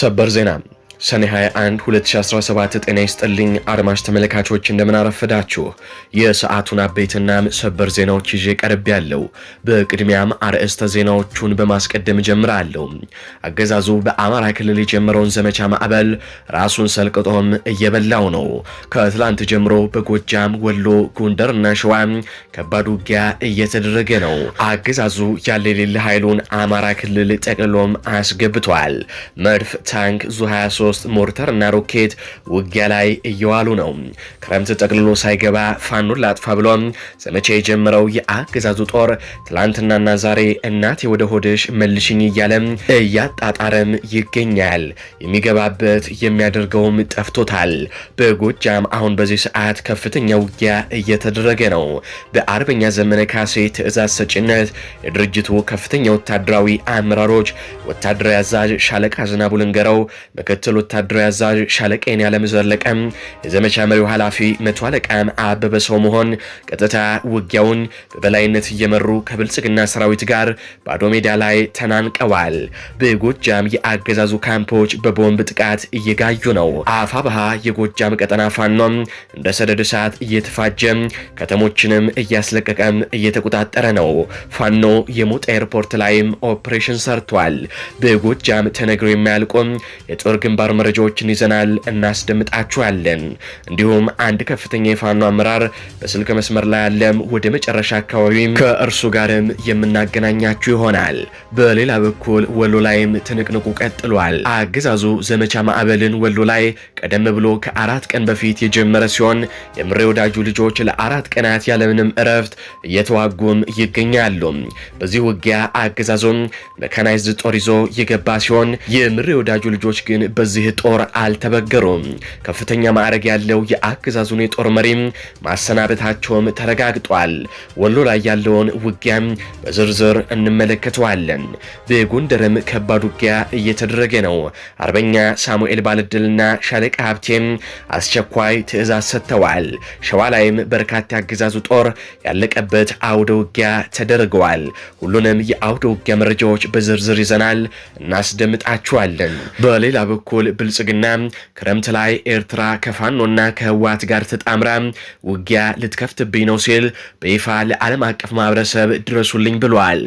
ሰበር ዜና ሰኔ 21 2017። ጤና ይስጥልኝ አድማጭ ተመልካቾች፣ እንደምን አረፈዳችሁ። የሰዓቱን አበይትና ሰበር ዜናዎች ይዤ ቀርብ ያለው። በቅድሚያም አርዕስተ ዜናዎቹን በማስቀደም ጀምራለሁ። አገዛዙ በአማራ ክልል የጀመረውን ዘመቻ ማዕበል ራሱን ሰልቅጦም እየበላው ነው። ከትላንት ጀምሮ በጎጃም፣ ወሎ፣ ጎንደርና ሸዋ ከባድ ውጊያ እየተደረገ ነው። አገዛዙ ያለ የሌለ ኃይሉን አማራ ክልል ጠቅልሎም አስገብቷል። መድፍ፣ ታንክ፣ ዙ 23 ሶስት ሞርተርና ሮኬት ውጊያ ላይ እየዋሉ ነው። ክረምት ጠቅልሎ ሳይገባ ፋኑን ላጥፋ ብሎ ዘመቻ የጀመረው የአገዛዙ ጦር ትላንትናና ዛሬ እናቴ ወደ ሆድሽ መልሽኝ እያለም እያጣጣረም ይገኛል። የሚገባበት የሚያደርገውም ጠፍቶታል። በጎጃም አሁን በዚህ ሰዓት ከፍተኛ ውጊያ እየተደረገ ነው። በአርበኛ ዘመነ ካሴ ትእዛዝ ሰጭነት የድርጅቱ ከፍተኛ ወታደራዊ አመራሮች ወታደራዊ አዛዥ ሻለቃ ዝናቡ ልንገረው፣ ምክትል ምክትል ወታደራዊ አዛዥ ሻለቃ ያለመዘለቀ የዘመቻ መሪው ኃላፊ መቶ አለቃ አበበ ሰው መሆን ቀጥታ ውጊያውን በበላይነት እየመሩ ከብልጽግና ሰራዊት ጋር ባዶ ሜዳ ላይ ተናንቀዋል። በጎጃም የአገዛዙ ካምፖች በቦምብ ጥቃት እየጋዩ ነው። አፋብሃ የጎጃም ቀጠና ፋኖም እንደ ሰደድ እሳት እየተፋጀ ከተሞችንም እያስለቀቀም እየተቆጣጠረ ነው። ፋኖ የሞጣ ኤርፖርት ላይም ኦፕሬሽን ሰርቷል። በጎጃም ተነግሮ የማያልቁም የጦር ግንባ ነባር መረጃዎችን ይዘናል እናስደምጣችኋለን። እንዲሁም አንድ ከፍተኛ የፋኖ አመራር በስልክ መስመር ላይ ያለም ወደ መጨረሻ አካባቢም ከእርሱ ጋርም የምናገናኛችሁ ይሆናል። በሌላ በኩል ወሎ ላይም ትንቅንቁ ቀጥሏል። አገዛዙ ዘመቻ ማዕበልን ወሎ ላይ ቀደም ብሎ ከአራት ቀን በፊት የጀመረ ሲሆን የምሬ ወዳጁ ልጆች ለአራት ቀናት ያለምንም እረፍት እየተዋጉም ይገኛሉ። በዚህ ውጊያ አገዛዙም መካናይዝድ ጦር ይዞ የገባ ሲሆን የምሬ ወዳጁ ልጆች ግን በዚህ በዚህ ጦር አልተበገሩም። ከፍተኛ ማዕረግ ያለው የአገዛዙን የጦር መሪ ማሰናበታቸውም ተረጋግጧል። ወሎ ላይ ያለውን ውጊያም በዝርዝር እንመለከተዋለን። በጎንደርም ከባድ ውጊያ እየተደረገ ነው። አርበኛ ሳሙኤል ባለድልና ሻለቃ ሀብቴም አስቸኳይ ትዕዛዝ ሰጥተዋል። ሸዋ ላይም በርካታ የአገዛዙ ጦር ያለቀበት አውደ ውጊያ ተደርገዋል። ሁሉንም የአውደ ውጊያ መረጃዎች በዝርዝር ይዘናል፣ እናስደምጣችኋለን። በሌላ በኩል ብልጽግና ክረምት ላይ ኤርትራ ከፋኖና ከህወሓት ጋር ተጣምራ ውጊያ ልትከፍትብኝ ነው ሲል በይፋ ለዓለም አቀፍ ማህበረሰብ ድረሱልኝ ብሏል።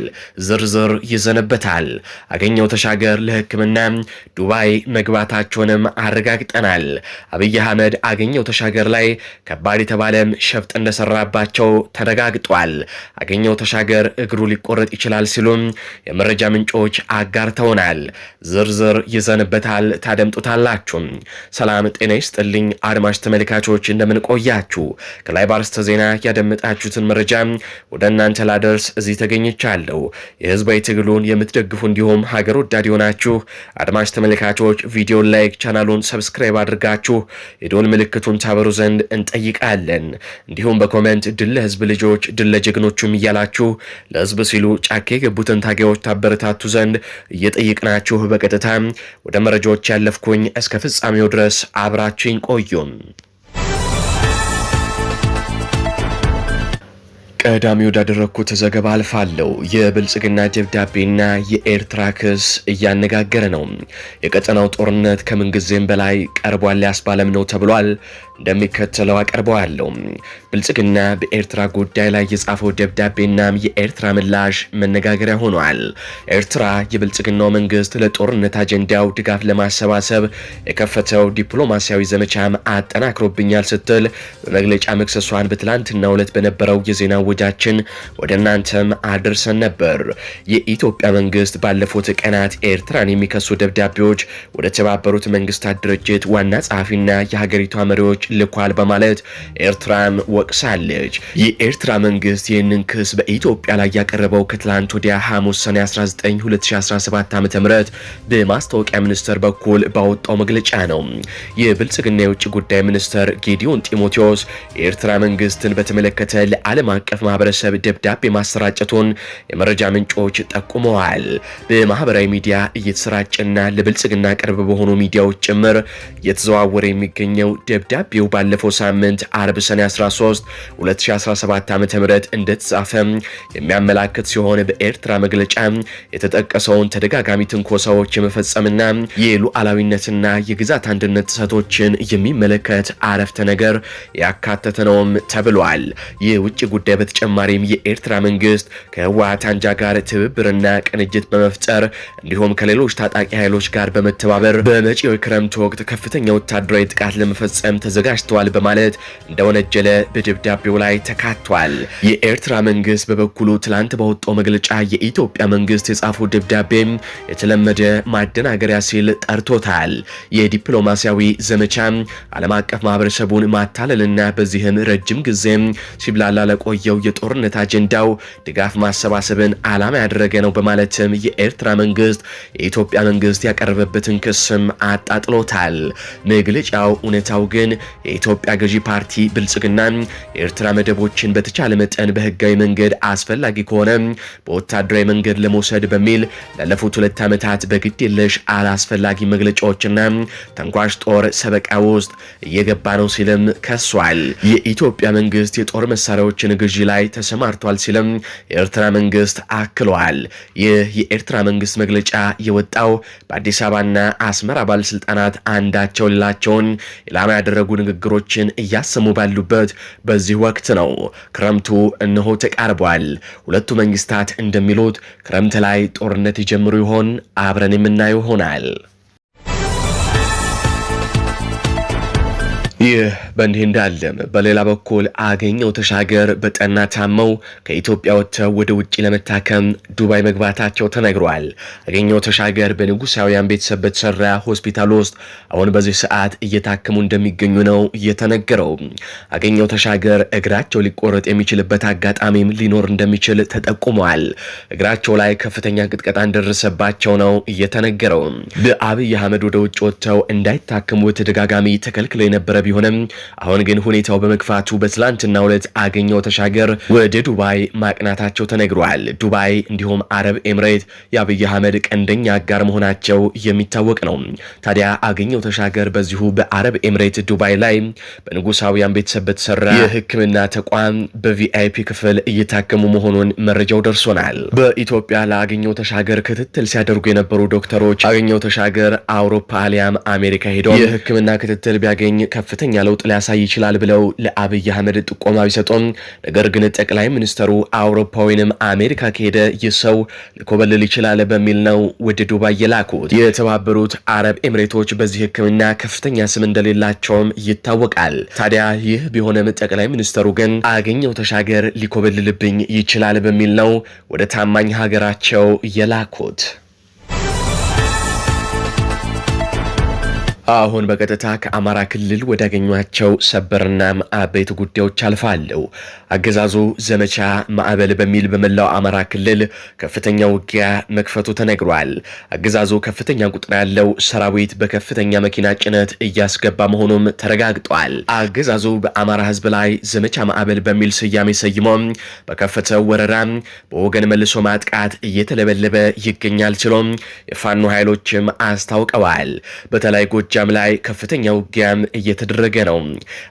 ዝርዝር ይዘንበታል። አገኘው ተሻገር ለህክምና ዱባይ መግባታቸውንም አረጋግጠናል። አብይ አህመድ አገኘው ተሻገር ላይ ከባድ የተባለም ሸፍጥ እንደሰራባቸው ተረጋግጧል። አገኘው ተሻገር እግሩ ሊቆረጥ ይችላል ሲሉም የመረጃ ምንጮች አጋርተውናል። ዝርዝር ይዘንበታል ታደ ታደምጡታላችሁ። ሰላም ጤና ይስጥልኝ አድማጭ ተመልካቾች፣ እንደምንቆያችሁ ከላይ ባርስተ ዜና ያደመጣችሁትን መረጃ ወደ እናንተ ላደርስ እዚህ ተገኝቻለሁ። የህዝባዊ ትግሉን የምትደግፉ እንዲሁም ሀገር ወዳድ የሆናችሁ አድማጭ ተመልካቾች ቪዲዮን ላይክ፣ ቻናሉን ሰብስክራይብ አድርጋችሁ የዶል ምልክቱን ታበሩ ዘንድ እንጠይቃለን። እንዲሁም በኮመንት ድል ለህዝብ ልጆች ድል ለጀግኖቹም እያላችሁ ለህዝብ ሲሉ ጫካ የገቡትን ታጋዮች ታበረታቱ ዘንድ እየጠየቅናችሁ በቀጥታ ወደ መረጃዎች ያለፉ እየገፋፋትኩኝ እስከ ፍጻሜው ድረስ አብራችኝ ቆዩም። ቀዳሚ ወዳደረግኩት ዘገባ አልፋለሁ። የብልጽግና ደብዳቤና የኤርትራ ክስ እያነጋገረ ነው። የቀጠናው ጦርነት ከምንጊዜም በላይ ቀርቧል ያስባለም ነው ተብሏል። እንደሚከተለው አቀርበዋለሁ። ብልጽግና በኤርትራ ጉዳይ ላይ የጻፈው ደብዳቤና የኤርትራ ምላሽ መነጋገሪያ ሆኗል። ኤርትራ የብልጽግናው መንግስት ለጦርነት አጀንዳው ድጋፍ ለማሰባሰብ የከፈተው ዲፕሎማሲያዊ ዘመቻም አጠናክሮብኛል ስትል በመግለጫ መክሰሷን በትላንትናው ዕለት በነበረው የዜና ወጃችን ወደ እናንተም አድርሰን ነበር። የኢትዮጵያ መንግስት ባለፉት ቀናት ኤርትራን የሚከሱ ደብዳቤዎች ወደ ተባበሩት መንግስታት ድርጅት ዋና ጸሐፊና የሀገሪቷ መሪዎች ልኳል በማለት ኤርትራን ወቅሳለች። የኤርትራ መንግስት ይህንን ክስ በኢትዮጵያ ላይ ያቀረበው ከትላንት ወዲያ ሐሙስ ሰኔ 19 2017 ዓ በማስታወቂያ ሚኒስቴር በኩል ባወጣው መግለጫ ነው። የብልጽግና የውጭ ጉዳይ ሚኒስትር ጌዲዮን ጢሞቴዎስ የኤርትራ መንግስትን በተመለከተ ለዓለም አቀፍ ማህበረሰብ ደብዳቤ ማሰራጨቱን የመረጃ ምንጮች ጠቁመዋል። በማህበራዊ ሚዲያ እየተሰራጨና ለብልጽግና ቅርብ በሆኑ ሚዲያዎች ጭምር እየተዘዋወረ የሚገኘው ደብዳቤ ደብዳቤው ባለፈው ሳምንት አርብ ሰኔ 13 2017 ዓ.ም እንደተጻፈ የሚያመላክት ሲሆን በኤርትራ መግለጫ የተጠቀሰውን ተደጋጋሚ ትንኮሳዎች የመፈጸምና የሉዓላዊነትና የግዛት አንድነት ጥሰቶችን የሚመለከት አረፍተ ነገር ያካተተ ነውም ተብሏል። የውጭ ውጭ ጉዳይ በተጨማሪም የኤርትራ መንግስት ከህወሓት አንጃ ጋር ትብብርና ቅንጅት በመፍጠር እንዲሁም ከሌሎች ታጣቂ ኃይሎች ጋር በመተባበር በመጪው የክረምት ወቅት ከፍተኛ ወታደራዊ ጥቃት ለመፈጸም ተዘጋ ተዘጋጅተዋል በማለት እንደወነጀለ በደብዳቤው ላይ ተካቷል። የኤርትራ መንግስት በበኩሉ ትላንት በወጣው መግለጫ የኢትዮጵያ መንግስት የጻፈው ደብዳቤ የተለመደ ማደናገሪያ ሲል ጠርቶታል። የዲፕሎማሲያዊ ዘመቻም ዓለም አቀፍ ማህበረሰቡን ማታለልና በዚህም ረጅም ጊዜም ሲብላላ ለቆየው የጦርነት አጀንዳው ድጋፍ ማሰባሰብን ዓላማ ያደረገ ነው በማለትም የኤርትራ መንግስት የኢትዮጵያ መንግስት ያቀረበበትን ክስም አጣጥሎታል። መግለጫው እውነታው ግን የኢትዮጵያ ገዢ ፓርቲ ብልጽግና የኤርትራ መደቦችን በተቻለ መጠን በህጋዊ መንገድ አስፈላጊ ከሆነ በወታደራዊ መንገድ ለመውሰድ በሚል ላለፉት ሁለት ዓመታት በግድየለሽ አላስፈላጊ መግለጫዎችና ተንኳሽ ጦር ሰበቃ ውስጥ እየገባ ነው ሲልም ከሷል። የኢትዮጵያ መንግስት የጦር መሳሪያዎችን ግዢ ላይ ተሰማርቷል ሲልም የኤርትራ መንግስት አክሏል። ይህ የኤርትራ መንግስት መግለጫ የወጣው በአዲስ አበባና አስመራ ባለስልጣናት አንዳቸው ሌላቸውን ኢላማ ያደረጉ ንግግሮችን እያሰሙ ባሉበት በዚህ ወቅት ነው ክረምቱ እነሆ ተቃርቧል። ሁለቱ መንግስታት እንደሚሉት ክረምት ላይ ጦርነት ይጀምሩ ይሆን? አብረን የምናየው ይሆናል። ይህ በእንዲህ እንዳለም በሌላ በኩል አገኘው ተሻገር በጠና ታመው ከኢትዮጵያ ወጥተው ወደ ውጭ ለመታከም ዱባይ መግባታቸው ተነግሯል። አገኘው ተሻገር በንጉሳውያን ቤተሰብ በተሰራ ሆስፒታል ውስጥ አሁን በዚህ ሰዓት እየታከሙ እንደሚገኙ ነው እየተነገረው። አገኘው ተሻገር እግራቸው ሊቆረጥ የሚችልበት አጋጣሚም ሊኖር እንደሚችል ተጠቁመዋል። እግራቸው ላይ ከፍተኛ ቅጥቀጣ እንደደረሰባቸው ነው እየተነገረው። በአብይ አህመድ ወደ ውጭ ወጥተው እንዳይታከሙ በተደጋጋሚ ተከልክለው የነበረ ቢሆንም አሁን ግን ሁኔታው በመግፋቱ በትላንትና ሁለት አገኘው ተሻገር ወደ ዱባይ ማቅናታቸው ተነግሯል። ዱባይ እንዲሁም አረብ ኤምሬት የአብይ አህመድ ቀንደኛ አጋር መሆናቸው የሚታወቅ ነው። ታዲያ አገኘው ተሻገር በዚሁ በአረብ ኤምሬት ዱባይ ላይ በንጉሳውያን ቤተሰብ በተሰራ የሕክምና ተቋም በቪአይፒ ክፍል እየታከሙ መሆኑን መረጃው ደርሶናል። በኢትዮጵያ ለአገኘው ተሻገር ክትትል ሲያደርጉ የነበሩ ዶክተሮች አገኘው ተሻገር አውሮፓ አሊያም አሜሪካ ሄደው የሕክምና ክትትል ቢያገኝ ከፍ ከፍተኛ ለውጥ ሊያሳይ ይችላል ብለው ለአብይ አህመድ ጥቆማ ቢሰጡም ነገር ግን ጠቅላይ ሚኒስተሩ አውሮፓ ወይንም አሜሪካ ከሄደ ይህ ሰው ሊኮበልል ይችላል በሚል ነው ወደ ዱባይ የላኩት። የተባበሩት አረብ ኤምሬቶች በዚህ ሕክምና ከፍተኛ ስም እንደሌላቸውም ይታወቃል። ታዲያ ይህ ቢሆንም ጠቅላይ ሚኒስተሩ ግን አገኘው ተሻገር ሊኮበልልብኝ ይችላል በሚል ነው ወደ ታማኝ ሀገራቸው የላኩት። አሁን በቀጥታ ከአማራ ክልል ወዳገኟቸው ሰበርና አበይት ጉዳዮች አልፋለሁ። አገዛዙ ዘመቻ ማዕበል በሚል በመላው አማራ ክልል ከፍተኛ ውጊያ መክፈቱ ተነግሯል። አገዛዙ ከፍተኛ ቁጥር ያለው ሰራዊት በከፍተኛ መኪና ጭነት እያስገባ መሆኑም ተረጋግጧል። አገዛዙ በአማራ ሕዝብ ላይ ዘመቻ ማዕበል በሚል ስያሜ ሰይሞ በከፈተው ወረራ በወገን መልሶ ማጥቃት እየተለበለበ ይገኛል ሲሎም የፋኖ ኃይሎችም አስታውቀዋል። በተለይ ጎጃ ጎጃም ላይ ከፍተኛ ውጊያም እየተደረገ ነው።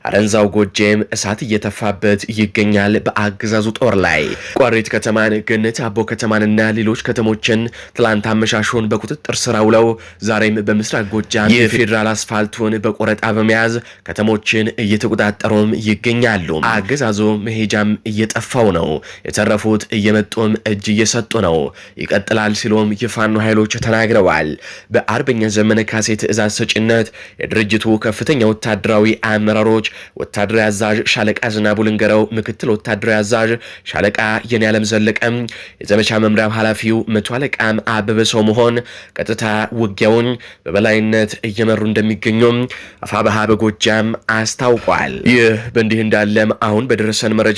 አረንዛው ጎጄም እሳት እየተፋበት ይገኛል። በአገዛዙ ጦር ላይ ቋሪት ከተማን፣ ገነት አቦ ከተማንና ሌሎች ከተሞችን ትላንት አመሻሹን በቁጥጥር ስር ውለው ዛሬም በምስራቅ ጎጃም የፌዴራል አስፋልቱን በቆረጣ በመያዝ ከተሞችን እየተቆጣጠሩም ይገኛሉ። አገዛዙ መሄጃም እየጠፋው ነው። የተረፉት እየመጡም እጅ እየሰጡ ነው። ይቀጥላል ሲሉም የፋኖ ኃይሎች ተናግረዋል። በአርበኛ ዘመነ ካሴ ትእዛዝ ሰጭነት በመነሳት የድርጅቱ ከፍተኛ ወታደራዊ አመራሮች ወታደራዊ አዛዥ ሻለቃ ዝናቡ ልንገረው፣ ምክትል ወታደራዊ አዛዥ ሻለቃ የኔ አለም ዘለቀም፣ የዘመቻ መምሪያ ኃላፊው መቶ አለቃም አበበ ሰው መሆን ቀጥታ ውጊያውን በበላይነት እየመሩ እንደሚገኙም አፋበሃ በጎጃም አስታውቋል። ይህ በእንዲህ እንዳለም አሁን በደረሰን መረጃ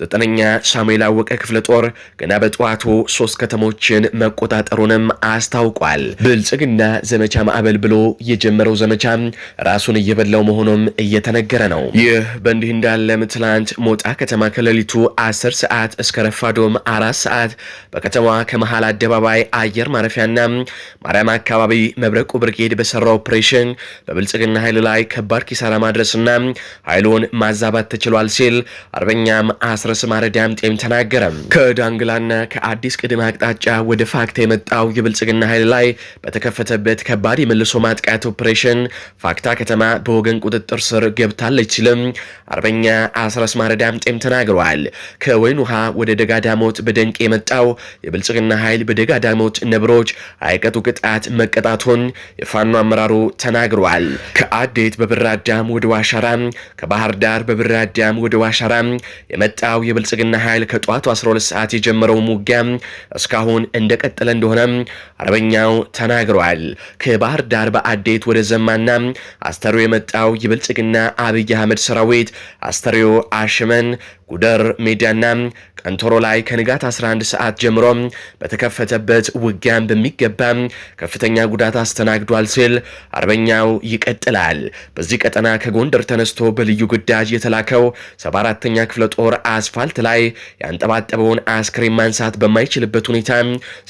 ዘጠነኛ ሳሙኤል አወቀ ክፍለ ጦር ገና በጠዋቱ ሶስት ከተሞችን መቆጣጠሩንም አስታውቋል። ብልጽግና ዘመቻ ማዕበል ብሎ የጀመረ የጀመረው ዘመቻ ራሱን እየበላው መሆኑም እየተነገረ ነው። ይህ በእንዲህ እንዳለም ትላንት ሞጣ ከተማ ከሌሊቱ 10 ሰዓት እስከ ረፋዶም አራት ሰዓት በከተማዋ ከመሃል አደባባይ አየር ማረፊያና ማርያም አካባቢ መብረቁ ብርጌድ በሰራ ኦፕሬሽን በብልጽግና ኃይል ላይ ከባድ ኪሳራ ማድረስና ኃይሉን ማዛባት ተችሏል ሲል አርበኛም አስረስ ማረዳም ጤም ተናገረ። ከዳንግላና ከአዲስ ቅድመ አቅጣጫ ወደ ፋክታ የመጣው የብልጽግና ኃይል ላይ በተከፈተበት ከባድ የመልሶ ማጥቃት ኦፕሬሽን ኮርፖሬሽን ፋክታ ከተማ በወገን ቁጥጥር ስር ገብታለች ሲልም አርበኛ አስረስ ማረ ዳምጤም ተናግረዋል። ከወይን ውሃ ወደ ደጋዳሞት በደንቅ የመጣው የብልጽግና ኃይል በደጋዳሞት ነብሮች አይቀጡ ቅጣት መቀጣቱን የፋኖ አመራሩ ተናግረዋል። ከአዴት በብራዳም ወደ ዋሻራም፣ ከባህር ዳር በብራዳም ወደ ዋሻራም የመጣው የብልጽግና ኃይል ከጠዋቱ 12 ሰዓት የጀመረው ውጊያ እስካሁን እንደቀጠለ እንደሆነም አርበኛው ተናግረዋል። ከባህር ዳር በአዴት ወደ ወደ ዘማና አስተሮ የመጣው የብልጽግና አብይ አህመድ ሰራዊት አስተሪዮ አሽመን ጉደር ሜዳና ቀንቶሮ ላይ ከንጋት 11 ሰዓት ጀምሮ በተከፈተበት ውጊያን በሚገባ ከፍተኛ ጉዳት አስተናግዷል ሲል አርበኛው ይቀጥላል። በዚህ ቀጠና ከጎንደር ተነስቶ በልዩ ግዳጅ የተላከው 74ተኛ ክፍለ ጦር አስፋልት ላይ ያንጠባጠበውን አስክሬን ማንሳት በማይችልበት ሁኔታ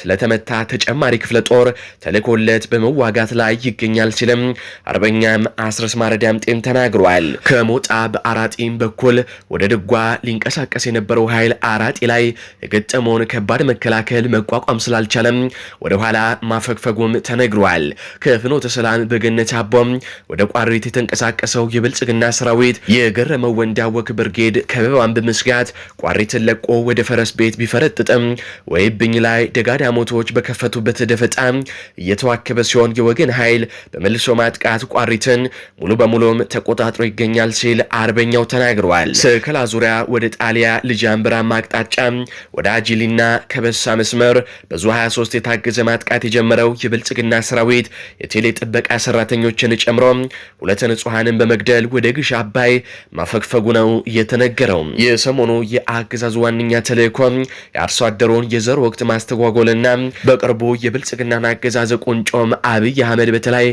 ስለተመታ ተጨማሪ ክፍለ ጦር ተልኮለት በመዋጋት ላይ ይገኛል ሲልም አርበኛም አስረስ ጤም ተናግሯል። ከሞጣ በአራጢም በኩል ወደ ድጓ ሊንቀሳቀስ የነበረው ኃይል አራጢ ላይ የገጠመውን ከባድ መከላከል መቋቋም ስላልቻለም ወደ ኋላ ማፈግፈጉም ተነግሯል። ከፍኖተ ሰላም በገነት አቦም ወደ ቋሪት የተንቀሳቀሰው የብልጽግና ሰራዊት የገረመው ወንዳወክ ብርጌድ ከበባን በመስጋት ቋሪትን ለቆ ወደ ፈረስ ቤት ቢፈረጥጥም ወይብኝ ላይ ደጋዳሞቶች በከፈቱበት ደፈጣ እየተዋከበ ሲሆን የወገን ኃይል በመልሶ የመልሶ ማጥቃት ቋሪትን ሙሉ በሙሉም ተቆጣጥሮ ይገኛል ሲል አርበኛው ተናግረዋል። ስከላ ዙሪያ ወደ ጣሊያ ልጃንብራማ አቅጣጫ ወደ አጂሊና ከበሳ መስመር በዙ 23 የታገዘ ማጥቃት የጀመረው የብልጽግና ሰራዊት የቴሌ ጥበቃ ሰራተኞችን ጨምሮ ሁለት ንጹሐንን በመግደል ወደ ግሽ አባይ ማፈግፈጉ ነው የተነገረው። የሰሞኑ የአገዛዙ ዋነኛ ተልእኮ የአርሶ አደሩን የዘር ወቅት ማስተጓጎልና በቅርቡ የብልጽግናን አገዛዝ ቁንጮም አብይ አህመድ በተለይ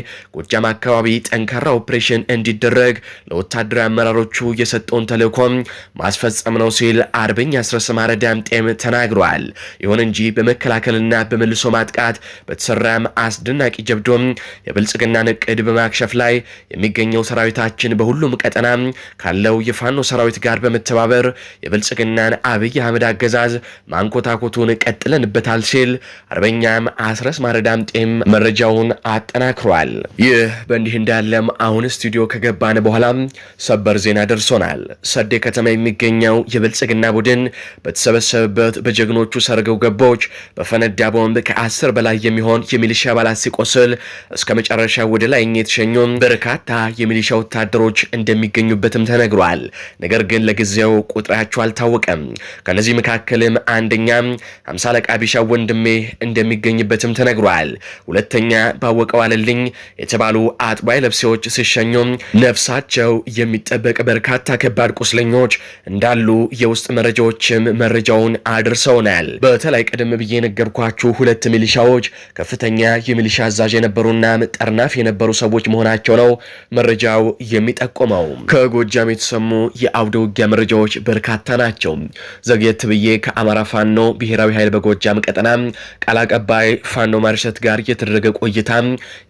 ጎጃም አካባቢ ጠንካራ ኦፕሬሽን እንዲደረግ ለወታደራዊ አመራሮቹ የሰጠውን ተልእኮም ማስፈጸም ነው ሲል አርበኛ አስረስ ማረዳም ዳምጤም ተናግሯል። ይሁን እንጂ በመከላከልና በመልሶ ማጥቃት በተሰራም አስደናቂ ጀብዶም የብልጽግናን እቅድ በማክሸፍ ላይ የሚገኘው ሰራዊታችን በሁሉም ቀጠና ካለው የፋኖ ሰራዊት ጋር በመተባበር የብልጽግናን አብይ አህመድ አገዛዝ ማንኮታኮቱን ቀጥለንበታል ሲል አርበኛም አስረስ ማረ ዳምጤም መረጃውን አጠናክሯል። ይህ በእንዲህ እንዳለም አሁን ስቱዲዮ ከገባን በኋላ ሰበር ዜና ደርሶናል። ሰዴ ከተማ የሚገኘው የብልጽግና ቡድን በተሰበሰበበት በጀግኖቹ ሰርገው ገቦች በፈነዳ ቦምብ ከአስር በላይ የሚሆን የሚሊሻ አባላት ሲቆስል እስከ መጨረሻ ወደ ላይኛ የተሸኙ በርካታ የሚሊሻ ወታደሮች እንደሚገኙበትም ተነግሯል። ነገር ግን ለጊዜው ቁጥራቸው አልታወቀም። ከነዚህ መካከልም አንደኛ አምሳ አለቃ ወንድሜ እንደሚገኝበትም ተነግሯል። ሁለተኛ ባወቀው አለልኝ የተባ የተባሉ አጥባይ ለብሴዎች ሲሸኙ ነፍሳቸው የሚጠበቅ በርካታ ከባድ ቁስለኞች እንዳሉ የውስጥ መረጃዎችም መረጃውን አድርሰውናል። በተለይ ቀደም ብዬ የነገርኳችሁ ሁለት ሚሊሻዎች ከፍተኛ የሚሊሻ አዛዥ የነበሩና ጠርናፍ የነበሩ ሰዎች መሆናቸው ነው መረጃው የሚጠቁመው። ከጎጃም የተሰሙ የአውደ ውጊያ መረጃዎች በርካታ ናቸው። ዘግየት ብዬ ከአማራ ፋኖ ብሔራዊ ኃይል በጎጃም ቀጠና ቃል አቀባይ ፋኖ ማርሸት ጋር የተደረገ ቆይታ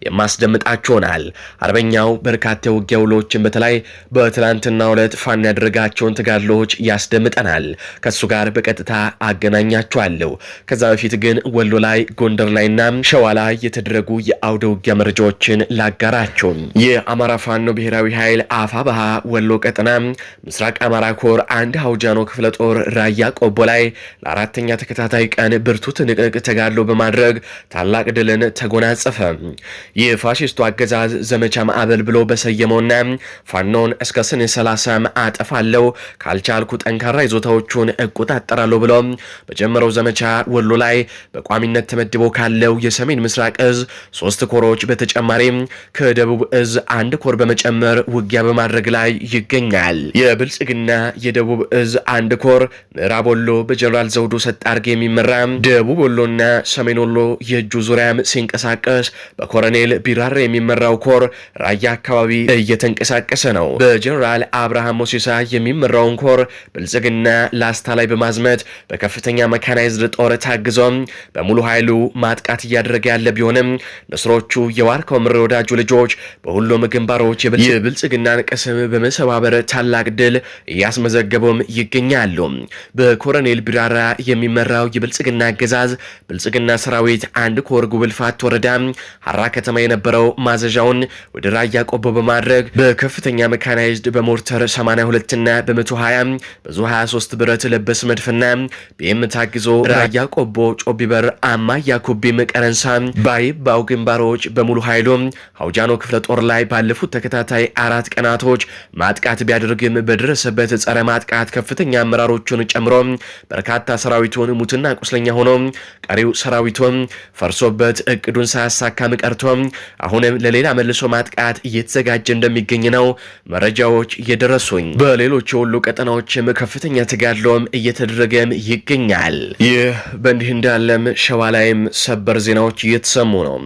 የማስደምጣቸው ይሆናል። አርበኛው በርካታ የውጊያ ውሎችን በተለይ በትላንትና ዕለት ፋኖ ያደረጋቸውን ተጋድሎዎች ያስደምጠናል። ከሱ ጋር በቀጥታ አገናኛችኋለሁ። ከዛ በፊት ግን ወሎ ላይ፣ ጎንደር ላይና ሸዋ ላይ የተደረጉ የአውደ ውጊያ መረጃዎችን ላጋራቸው። የአማራ ፋኖ ብሔራዊ ኃይል ባሃ ወሎ ቀጠና ምስራቅ አማራ ኮር አንድ ሀውጃኖ ክፍለ ጦር ራያ ቆቦ ላይ ለአራተኛ ተከታታይ ቀን ብርቱ ትንቅንቅ ተጋድሎ በማድረግ ታላቅ ድልን ተጎናጸፈ። የፋሽስቱ አገዛዝ ዘመቻ ማዕበል ብሎ በሰየመውና ፋኖን እስከ ሰኔ 30 አጠፋለሁ ካልቻልኩ ጠንካራ ይዞታዎቹን እቆጣጠራለሁ ብሎ በጀመረው ዘመቻ ወሎ ላይ በቋሚነት ተመድቦ ካለው የሰሜን ምስራቅ እዝ ሶስት ኮሮች በተጨማሪም ከደቡብ እዝ አንድ ኮር በመጨመር ውጊያ በማድረግ ላይ ይገኛል። የብልጽግና የደቡብ እዝ አንድ ኮር ምዕራብ ወሎ በጀነራል ዘውዱ ሰጣርጌ የሚመራ ደቡብ ወሎና ሰሜን ወሎ የእጁ ዙሪያም ሲንቀሳቀስ በኮረኔል ቢራራ የሚ የሚመራው ኮር ራያ አካባቢ እየተንቀሳቀሰ ነው። በጀኔራል አብርሃም ሞሲሳ የሚመራውን ኮር ብልጽግና ላስታ ላይ በማዝመት በከፍተኛ መካናይዝድ ጦር ታግዞም በሙሉ ኃይሉ ማጥቃት እያደረገ ያለ ቢሆንም ንስሮቹ የዋርካው ምሬ ወዳጁ ልጆች በሁሉም ግንባሮች የብልጽግናን ቅስም በመሰባበር ታላቅ ድል እያስመዘገቡም ይገኛሉ። በኮረኔል ቢራራ የሚመራው የብልጽግና አገዛዝ ብልጽግና ሰራዊት አንድ ኮር ጉብልፋት ወረዳ ሀራ ከተማ የነበረው ማዘዣውን ወደ ራያ ቆቦ በማድረግ በከፍተኛ መካናይዝድ በሞርተር 82ና በ120 በዙ 23 ብረት ለበስ መድፍና ቢኤም ታግዞ ራያ ቆቦ ጮቢበር አማያ ኩቢም ቀረንሳ ባው ግንባሮች በሙሉ ኃይሉ አውጃኖ ክፍለ ጦር ላይ ባለፉት ተከታታይ አራት ቀናቶች ማጥቃት ቢያደርግም በደረሰበት ጸረ ማጥቃት ከፍተኛ አመራሮቹን ጨምሮ በርካታ ሰራዊቱን ሙትና ቁስለኛ ሆኖ ቀሪው ሰራዊቱ ፈርሶበት እቅዱን ሳያሳካም ቀርቶ አሁንም ለሌላ መልሶ ማጥቃት እየተዘጋጀ እንደሚገኝ ነው መረጃዎች እየደረሱኝ። በሌሎች የወሎ ቀጠናዎችም ከፍተኛ ተጋድሎም እየተደረገም ይገኛል። ይህ በእንዲህ እንዳለም ሸዋ ላይም ሰበር ዜናዎች እየተሰሙ ነው።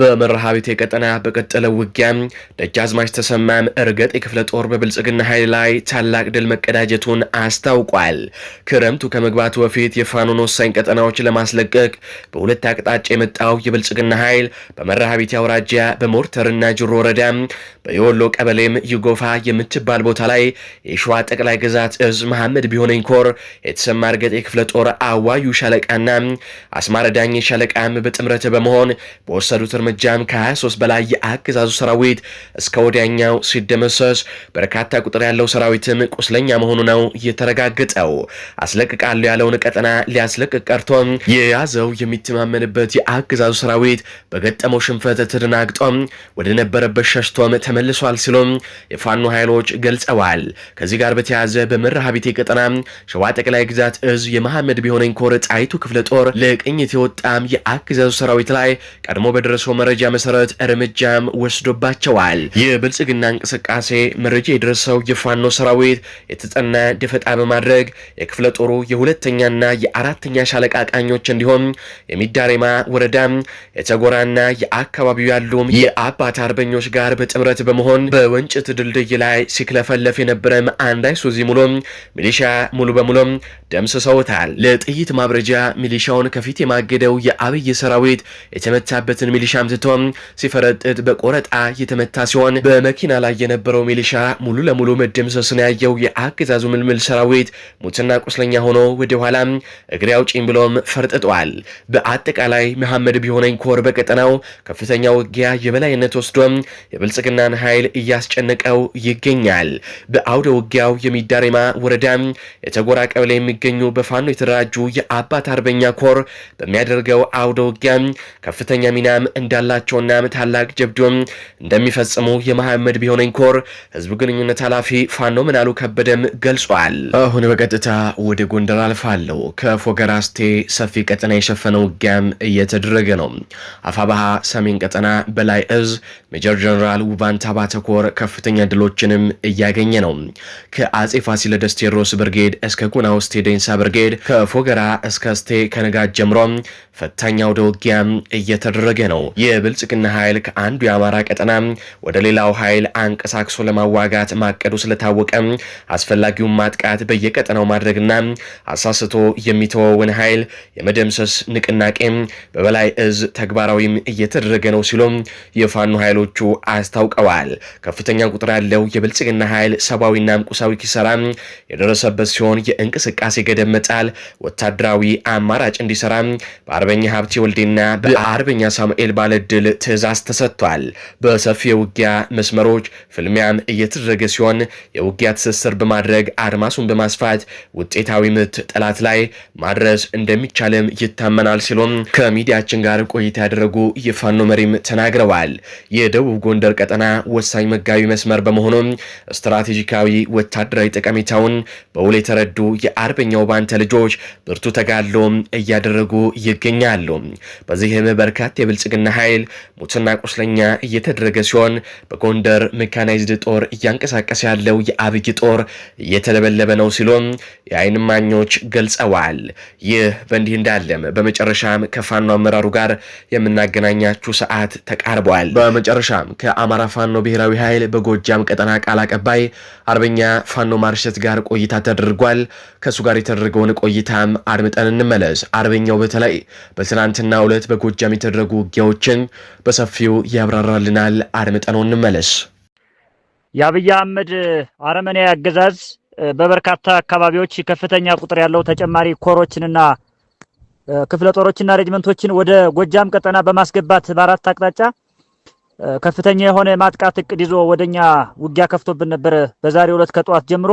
በመርሃቤቴ ቀጠና በቀጠለው ውጊያም ደጃዝማች ተሰማም እርገጥ የክፍለ ጦር በብልጽግና ኃይል ላይ ታላቅ ድል መቀዳጀቱን አስታውቋል። ክረምቱ ከመግባቱ በፊት የፋኖን ወሳኝ ቀጠናዎች ለማስለቀቅ በሁለት አቅጣጫ የመጣው የብልጽግና ኃይል በመርሃቤቴ አውራጃ ሞርተርና ጅሮ ወረዳ በየወሎ ቀበሌም ይጎፋ የምትባል ቦታ ላይ የሸዋ ጠቅላይ ግዛት እዝ መሐመድ ቢሆነኝ ኮር የተሰማ እርገጤ ክፍለ ጦር አዋዩ ሻለቃና አስማረ ዳኝ ሻለቃም በጥምረት በመሆን በወሰዱት እርምጃም ከ23 በላይ የአገዛዙ ሰራዊት እስከ ወዲያኛው ሲደመሰስ በርካታ ቁጥር ያለው ሰራዊትም ቁስለኛ መሆኑ ነው የተረጋገጠው። አስለቅቃለሁ ያለውን ቀጠና ሊያስለቅቅ ቀርቶ የያዘው የሚተማመንበት የአገዛዙ ሰራዊት በገጠመው ሽንፈት ተደናግጧም ወደ ነበረበት ሸሽቶም ተመልሷል ሲሉም የፋኖ ኃይሎች ገልጸዋል። ከዚህ ጋር በተያያዘ በመርሃቤቴ ቀጠና ሸዋ ጠቅላይ ግዛት እዝ የመሐመድ ቢሆነኝ ኮር ጣይቱ ክፍለ ጦር ለቅኝት የወጣም የአገዛዙ ሰራዊት ላይ ቀድሞ በደረሰው መረጃ መሰረት እርምጃም ወስዶባቸዋል። የብልጽግና እንቅስቃሴ መረጃ የደረሰው የፋኖ ሰራዊት የተጠና ደፈጣ በማድረግ የክፍለ ጦሩ የሁለተኛና የአራተኛ ሻለቃ ቃኞች እንዲሁም የሚዳሬማ ወረዳ የተጎራና የአካባቢው ያሉ ከአባት አርበኞች ጋር በጥምረት በመሆን በወንጭት ድልድይ ላይ ሲክለፈለፍ የነበረም አንድ አይሱዚ ሙሎም ሚሊሻ ሙሉ በሙሉ ደምስሰውታል። ለጥይት ማብረጃ ሚሊሻውን ከፊት የማገደው የአብይ ሰራዊት የተመታበትን ሚሊሻም አምትቶ ሲፈረጥጥ በቆረጣ የተመታ ሲሆን በመኪና ላይ የነበረው ሚሊሻ ሙሉ ለሙሉ መደምሰስን ያየው የአገዛዙ ምልምል ሰራዊት ሙትና ቁስለኛ ሆኖ ወደ ኋላ እግሬ አውጪኝ ብሎም ፈርጥጧል። በአጠቃላይ መሐመድ ቢሆነኝ ኮር በቀጠናው ከፍተኛ ውጊያ የበላ የበላይነት ወስዶ የብልጽግናን ኃይል እያስጨነቀው ይገኛል። በአውደ ውጊያው የሚዳሬማ ወረዳ የተጎራ ቀበሌ የሚገኙ በፋኖ የተደራጁ የአባት አርበኛ ኮር በሚያደርገው አውደ ውጊያ ከፍተኛ ሚናም እንዳላቸውና ታላቅ ጀብዶም እንደሚፈጽሙ የመሐመድ ቢሆነኝ ኮር ህዝብ ግንኙነት ኃላፊ ፋኖ ምናሉ ከበደም ገልጿል። አሁን በቀጥታ ወደ ጎንደር አልፋለሁ። ከፎገራስቴ ሰፊ ቀጠና የሸፈነ ውጊያም እየተደረገ ነው። አፋባሃ ሰሜን ቀጠና በላይ እዝ ሜጀር ጀነራል ውባንታ ባተኮር ከፍተኛ ድሎችንም እያገኘ ነው። ከአጼ ፋሲለደስ ቴዎድሮስ ብርጌድ እስከ ጉና ውስቴ ደንሳ ብርጌድ ከፎገራ እስከ ስቴ ከንጋት ጀምሮ ፈታኛ ወደ እየተደረገ ነው። የብልጽግና ኃይል ከአንዱ የአማራ ቀጠና ወደ ሌላው ኃይል አንቀሳቅሶ ለማዋጋት ማቀዱ ስለታወቀ አስፈላጊውን ማጥቃት በየቀጠናው ማድረግና አሳስቶ የሚተወውን ኃይል የመደምሰስ ንቅናቄ በበላይ እዝ ተግባራዊም እየተደረገ ነው ሲሉ የፋኖ ኃይሎቹ አስታውቀዋል። ከፍተኛ ቁጥር ያለው የብልጽግና ኃይል ሰብአዊና ቁሳዊ ኪሰራ የደረሰበት ሲሆን የእንቅስቃሴ ገደብ መጣል ወታደራዊ አማራጭ እንዲሰራም በአርበኛ ሀብቴ ወልዴና በአርበኛ ሳሙኤል ባለድል ትዕዛዝ ተሰጥቷል። በሰፊ የውጊያ መስመሮች ፍልሚያም እየተደረገ ሲሆን የውጊያ ትስስር በማድረግ አድማሱን በማስፋት ውጤታዊ ምት ጠላት ላይ ማድረስ እንደሚቻልም ይታመናል ሲሉም ከሚዲያችን ጋር ቆይታ ያደረጉ የፋኖ መሪም ተናግረዋል። ተናግረዋል። የደቡብ ጎንደር ቀጠና ወሳኝ መጋቢ መስመር በመሆኑም ስትራቴጂካዊ ወታደራዊ ጠቀሜታውን በውል የተረዱ የአርበኛው ባንተ ልጆች ብርቱ ተጋድሎም እያደረጉ ይገኛሉ። በዚህም በርካታ የብልጽግና ኃይል ሙትና ቁስለኛ እየተደረገ ሲሆን በጎንደር ሜካናይዝድ ጦር እያንቀሳቀሰ ያለው የአብይ ጦር እየተለበለበ ነው ሲሉም የአይን ማኞች ገልጸዋል። ይህ በእንዲህ እንዳለም በመጨረሻም ከፋኖ አመራሩ ጋር የምናገናኛችሁ ሰዓት ተቃርቧል። ተደርጓል። በመጨረሻም ከአማራ ፋኖ ብሔራዊ ኃይል በጎጃም ቀጠና ቃል አቀባይ አርበኛ ፋኖ ማርሸት ጋር ቆይታ ተደርጓል። ከእሱ ጋር የተደረገውን ቆይታም አድምጠን እንመለስ። አርበኛው በተለይ በትናንትናው ዕለት በጎጃም የተደረጉ ውጊያዎችን በሰፊው ያብራራልናል። አድምጠነው እንመለስ። የአብይ አህመድ አረመኔ አገዛዝ በበርካታ አካባቢዎች ከፍተኛ ቁጥር ያለው ተጨማሪ ኮሮችንና ክፍለ ጦሮችና ሬጅመንቶችን ወደ ጎጃም ቀጠና በማስገባት በአራት አቅጣጫ ከፍተኛ የሆነ ማጥቃት እቅድ ይዞ ወደኛ ውጊያ ከፍቶብን ነበር በዛሬው ዕለት ከጠዋት ጀምሮ።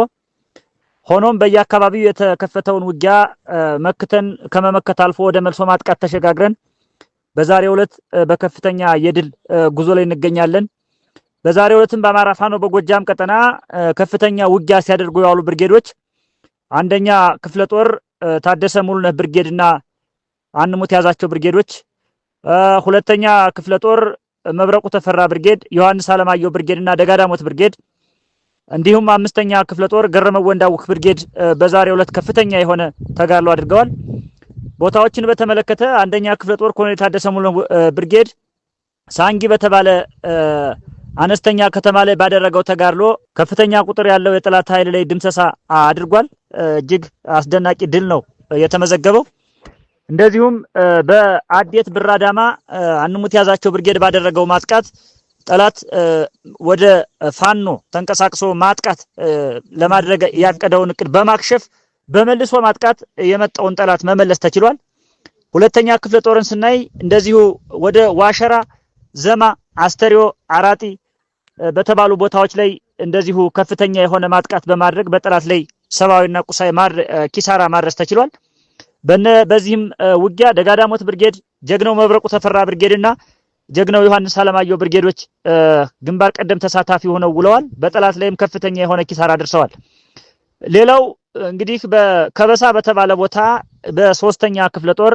ሆኖም በየአካባቢው የተከፈተውን ውጊያ መክተን ከመመከት አልፎ ወደ መልሶ ማጥቃት ተሸጋግረን በዛሬው ዕለት በከፍተኛ የድል ጉዞ ላይ እንገኛለን። በዛሬው ዕለትም በአማራ ፋኖ በጎጃም ቀጠና ከፍተኛ ውጊያ ሲያደርጉ የዋሉ ብርጌዶች አንደኛ ክፍለ ጦር ታደሰ ሙሉነህ ብርጌድና አንሙት ያዛቸው ብርጌዶች፣ ሁለተኛ ክፍለ ጦር መብረቁ ተፈራ ብርጌድ፣ ዮሐንስ አለማየሁ ብርጌድ እና ደጋዳሞት ብርጌድ እንዲሁም አምስተኛ ክፍለ ጦር ገረመው ወንዳውክ ብርጌድ በዛሬው ዕለት ከፍተኛ የሆነ ተጋድሎ አድርገዋል። ቦታዎችን በተመለከተ አንደኛ ክፍለ ጦር ኮሎኔል ታደሰ ሙሉ ብርጌድ ሳንጊ በተባለ አነስተኛ ከተማ ላይ ባደረገው ተጋድሎ ከፍተኛ ቁጥር ያለው የጠላት ኃይል ላይ ድምሰሳ አድርጓል። እጅግ አስደናቂ ድል ነው የተመዘገበው። እንደዚሁም በአዴት ብራዳማ አንሙት ያዛቸው ብርጌድ ባደረገው ማጥቃት ጠላት ወደ ፋኖ ተንቀሳቅሶ ማጥቃት ለማድረግ ያቀደውን እቅድ በማክሸፍ በመልሶ ማጥቃት የመጣውን ጠላት መመለስ ተችሏል። ሁለተኛ ክፍለ ጦርን ስናይ እንደዚሁ ወደ ዋሸራ፣ ዘማ፣ አስተሪዮ፣ አራጢ በተባሉ ቦታዎች ላይ እንደዚሁ ከፍተኛ የሆነ ማጥቃት በማድረግ በጠላት ላይ ሰብአዊና ቁሳዊ ኪሳራ ማድረስ ተችሏል። በዚህም ውጊያ ደጋዳሞት ብርጌድ፣ ጀግናው መብረቁ ተፈራ ብርጌድና ጀግናው ዮሐንስ አለማየሁ ብርጌዶች ግንባር ቀደም ተሳታፊ ሆነው ውለዋል። በጠላት ላይም ከፍተኛ የሆነ ኪሳራ አድርሰዋል። ሌላው እንግዲህ በከበሳ በተባለ ቦታ በሶስተኛ ክፍለ ጦር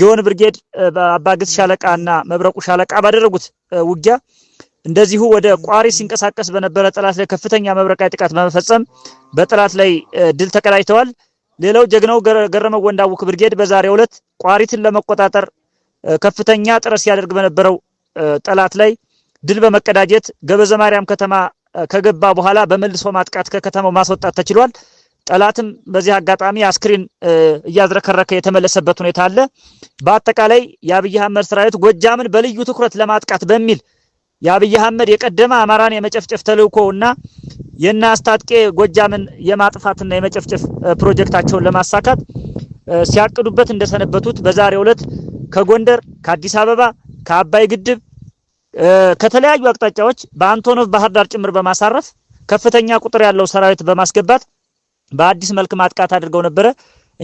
ጊዮን ብርጌድ በአባግስ ሻለቃ እና መብረቁ ሻለቃ ባደረጉት ውጊያ እንደዚሁ ወደ ቋሪ ሲንቀሳቀስ በነበረ ጠላት ላይ ከፍተኛ መብረቃዊ ጥቃት በመፈጸም በጠላት ላይ ድል ተቀዳጅተዋል። ሌላው ጀግናው ገረመው ወንዳው ክብርጌድ በዛሬው ዕለት ቋሪትን ለመቆጣጠር ከፍተኛ ጥረት ሲያደርግ በነበረው ጠላት ላይ ድል በመቀዳጀት ገበዘ ማርያም ከተማ ከገባ በኋላ በመልሶ ማጥቃት ከከተማው ማስወጣት ተችሏል። ጠላትም በዚህ አጋጣሚ አስክሪን እያዝረከረከ የተመለሰበት ሁኔታ አለ። በአጠቃላይ የአብይ አህመድ ሰራዊት ጎጃምን በልዩ ትኩረት ለማጥቃት በሚል የአብይ አህመድ የቀደመ አማራን የመጨፍጨፍ ተልእኮ እና የእነ አስታጥቄ ጎጃምን የማጥፋትና የመጨፍጨፍ ፕሮጀክታቸውን ለማሳካት ሲያቅዱበት እንደሰነበቱት በዛሬው ዕለት ከጎንደር፣ ከአዲስ አበባ፣ ከአባይ ግድብ ከተለያዩ አቅጣጫዎች በአንቶኖቭ ባህር ዳር ጭምር በማሳረፍ ከፍተኛ ቁጥር ያለው ሰራዊት በማስገባት በአዲስ መልክ ማጥቃት አድርገው ነበረ።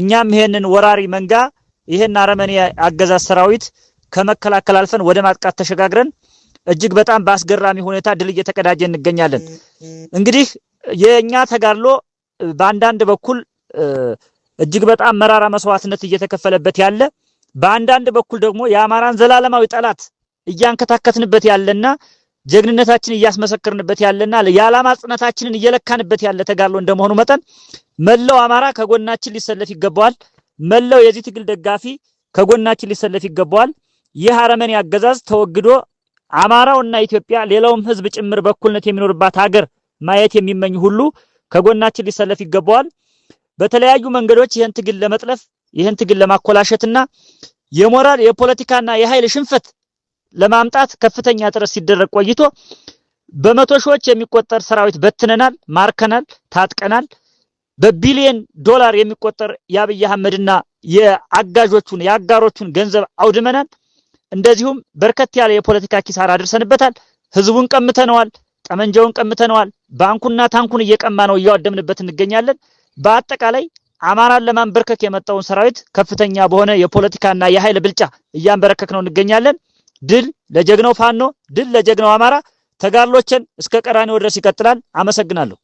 እኛም ይሄንን ወራሪ መንጋ ይሄን አረመኔ አገዛዝ ሰራዊት ከመከላከል አልፈን ወደ ማጥቃት ተሸጋግረን እጅግ በጣም በአስገራሚ ሁኔታ ድል እየተቀዳጀ እንገኛለን። እንግዲህ የእኛ ተጋድሎ በአንዳንድ በኩል እጅግ በጣም መራራ መስዋዕትነት እየተከፈለበት ያለ፣ በአንዳንድ በኩል ደግሞ የአማራን ዘላለማዊ ጠላት እያንከታከትንበት ያለና ጀግንነታችን እያስመሰክርንበት ያለና የዓላማ ጽናታችንን እየለካንበት ያለ ተጋድሎ እንደመሆኑ መጠን መላው አማራ ከጎናችን ሊሰለፍ ይገባዋል። መላው የዚህ ትግል ደጋፊ ከጎናችን ሊሰለፍ ይገባዋል። ይህ አረመኔ አገዛዝ ተወግዶ አማራውና ኢትዮጵያ ሌላውም ህዝብ ጭምር በእኩልነት የሚኖርባት ሀገር ማየት የሚመኝ ሁሉ ከጎናችን ሊሰለፍ ይገባዋል። በተለያዩ መንገዶች ይህን ትግል ለመጥለፍ ይህን ትግል ለማኮላሸትና የሞራል የፖለቲካና የኃይል ሽንፈት ለማምጣት ከፍተኛ ጥረት ሲደረግ ቆይቶ በመቶ ሺዎች የሚቆጠር ሰራዊት በትነናል፣ ማርከናል፣ ታጥቀናል። በቢሊየን ዶላር የሚቆጠር የአብይ አህመድና የአጋዦቹን የአጋሮቹን ገንዘብ አውድመናል። እንደዚሁም በርከት ያለ የፖለቲካ ኪሳራ አድርሰንበታል። ህዝቡን ቀምተነዋል፣ ጠመንጃውን ቀምተነዋል፣ ባንኩና ታንኩን እየቀማ ነው እያወደምንበት እንገኛለን። በአጠቃላይ አማራን ለማንበርከክ የመጣውን ሰራዊት ከፍተኛ በሆነ የፖለቲካና የኃይል ብልጫ እያንበረከክ ነው እንገኛለን። ድል ለጀግናው ፋኖ፣ ድል ለጀግናው አማራ። ተጋድሎችን እስከ ቀራንዮ ድረስ ይቀጥላል። አመሰግናለሁ።